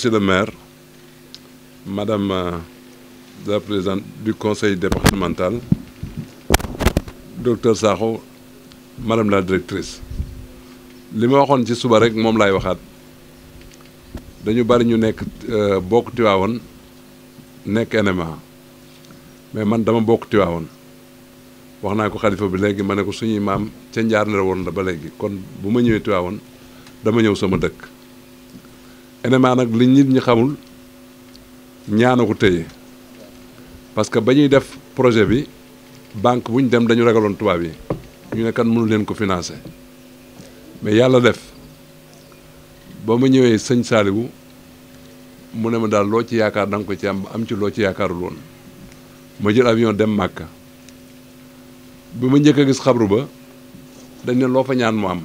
Monsieur le maire, Madame euh, la présidente du conseil départemental, docteur Sakho, Madame la directrice li ma waxoon ci suba rek moom laay waxaat dañu bari ñu nekk euh, bokk Tiwaawoon nekk NMA mais man dama bokk Tiwaawoon wax naa ko xalifa bi léegi ma ne ko suñuy maam ca njaar la woon la ba léegi kon bu ma ñëwee Tiwaawoon dama ñëw sama dëkk élément nag li nit ñi xamul ñaana ko téye parce que ba ñuy def projet bi banque bu ñu dem dañu ragaloon tubaab yi ñu ne kan mënu leen ko financer mais yàlla def ba ma ñëwee sëñ Saliou mu ne ma daal loo ci yaakaar da ko ci am am ci loo ci yaakaaruloon woon ma jël avion dem màkk bi ma njëkk a gis xabru ba dañ ne loo fa ñaan mu am.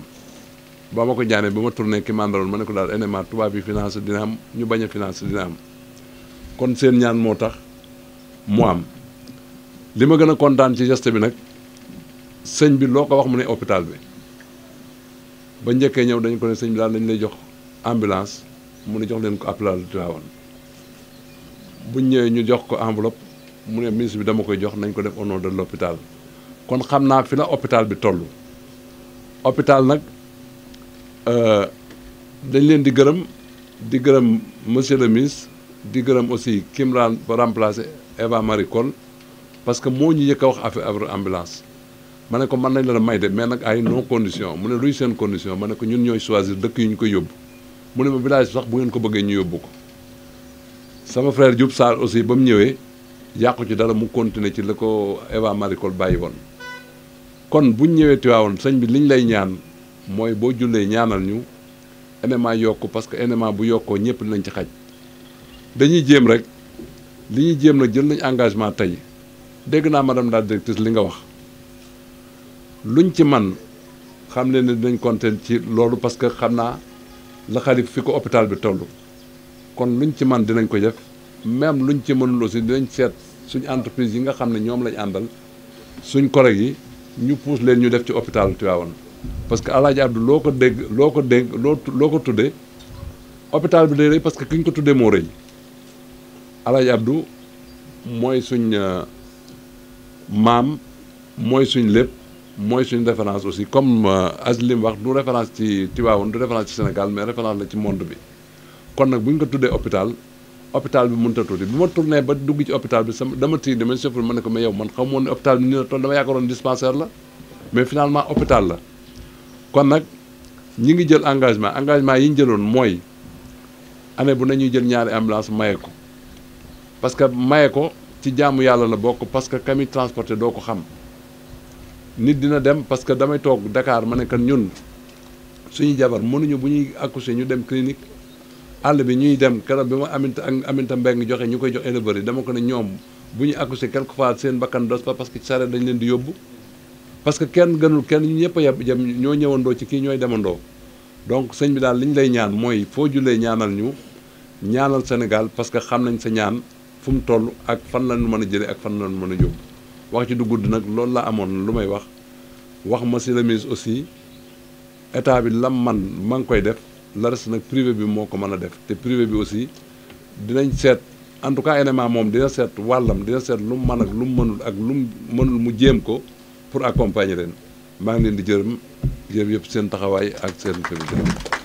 ba ma ko ñaanee ba ma tourné ki mandaloon ma ne ko daal NMA tubaab yi financé dina am ñu bañ a financé dina am kon seen ñaan moo tax mu am li ma gën a kontaan ci geste bi nag sëñ bi loo ko wax mu ne hôpital bi ba njëkkee ñëw dañ ko ne sëñ bi daal dañ lay jox ambulance mu ne jox leen ko appelal Tivaouane buñ ñëwee ñu jox ko enveloppe mu ne ministre bi dama koy jox nañ ko def au nom loppitaal kon xam naa fi la hôpital bi toll hôpital nag Euh, dañ leen di gërëm di gërëm monsieur le ministre di gërëm aussi kim ran ba remplacé Eva Marie Coll parce que moo ñu yëkk a wax affaire ambulance ma ne ko mën nañ la may de mais nag ay non condition mu ne luy seen condition ma ne ko ñun ñooy choisir dëkk yu ñu ko yóbbu mu ne ma village sax bu ngeen ko bëggee ñu yóbbu ko sama frère Diop Sarr aussi ba mu ñëwee yàqu ci dara mu continuer ci la ko Eva Marie Coll bàyyi woon kon bu ñu ñëwee Tivaouane sëñ bi liñ lay ñaan mooy boo jullee ñaanal ñu NMA yokk parce que NMA bu yokkoo ñëpp dinañ ci xaj dañuy jéem rek li ñuy jéem nag jël nañ engagement tey dégg naa madame daal directrice li nga wax luñ ci man xam leen ne dinañ kontaan ci loolu parce que xam naa la xalif fi ko hôpital bi toll kon luñ ci man dinañ ko def même luñ ci mënul aussi dinañ seet suñu entreprise yi nga xam ne ñoom lañ àndal suñ collègue yi ñu pousse leen ñu def ci hôpital tiwaawan parce que alaaji Abdou loo ko dégg loo ko dégg loo loo ko tuddee hôpital bi day rëy parce que ki ñu ko tuddee moo rëy alaaji Abdou mooy suñ euh, maam mooy suñ lépp mooy suñ référence aussi comme euh, Azlim wax du référence ci Tivaouane du référence ci Sénégal mais référence la ci monde bi kon nag bu ñu ko tuddee hôpital hôpital bi mënut ta tuuti bi ma tourné ba dugg ci hôpital bi sama dama tii dama chauffeur ma ne ko mais yow man xamoon ne hôpital nii la toll dama mais finalement hôpital la. kon nag ñi ngi jël engagement engagement yi ñu jëloon mooy année bu nañuy jël ñaari ambulance maye ko parce que maye ko ci jàmm yàlla la bokk parce que kami transporté doo ko xam nit dina dem parce que damay toog dakaar ma ne kan ñun suñu jabar mënuñu bu ñuy accoucher ñu dem clinique àll bi ñuy dem keroog bi ma aminta ak aminta mbeng joxe ñu koy jox éleveurs yi dama ko ne ñoom bu ñu accoucher quelque fois seen bakkan dos fa parce que saret dañ leen di yóbbu parce que kenn gënul kenn ñu ñëpp a yem ñoo ñëwandoo ci kii ñooy demandoo donc sëñ bi daal li ñu lay ñaan mooy foo jullee ñaanal ñu ñaanal Sénégal parce que xam nañ sa ñaan fu mu toll ak fan la ñu mën a jëlee ak fan la mën a yóbbu wax ci du gudd nag loolu la amoon lu may wax wax ma si la aussi état bi lam man ma ngi koy def la res nag privé bi moo ko mën a def te privé bi aussi dinañ seet en tout cas élément moom dina seet wàllam dina seet lu mu mën ak lum mu ak lu mënul mu jéem ko pour accompagner leen maa ngi leen di jërëm yéen yëpp seen taxawaay ak seen service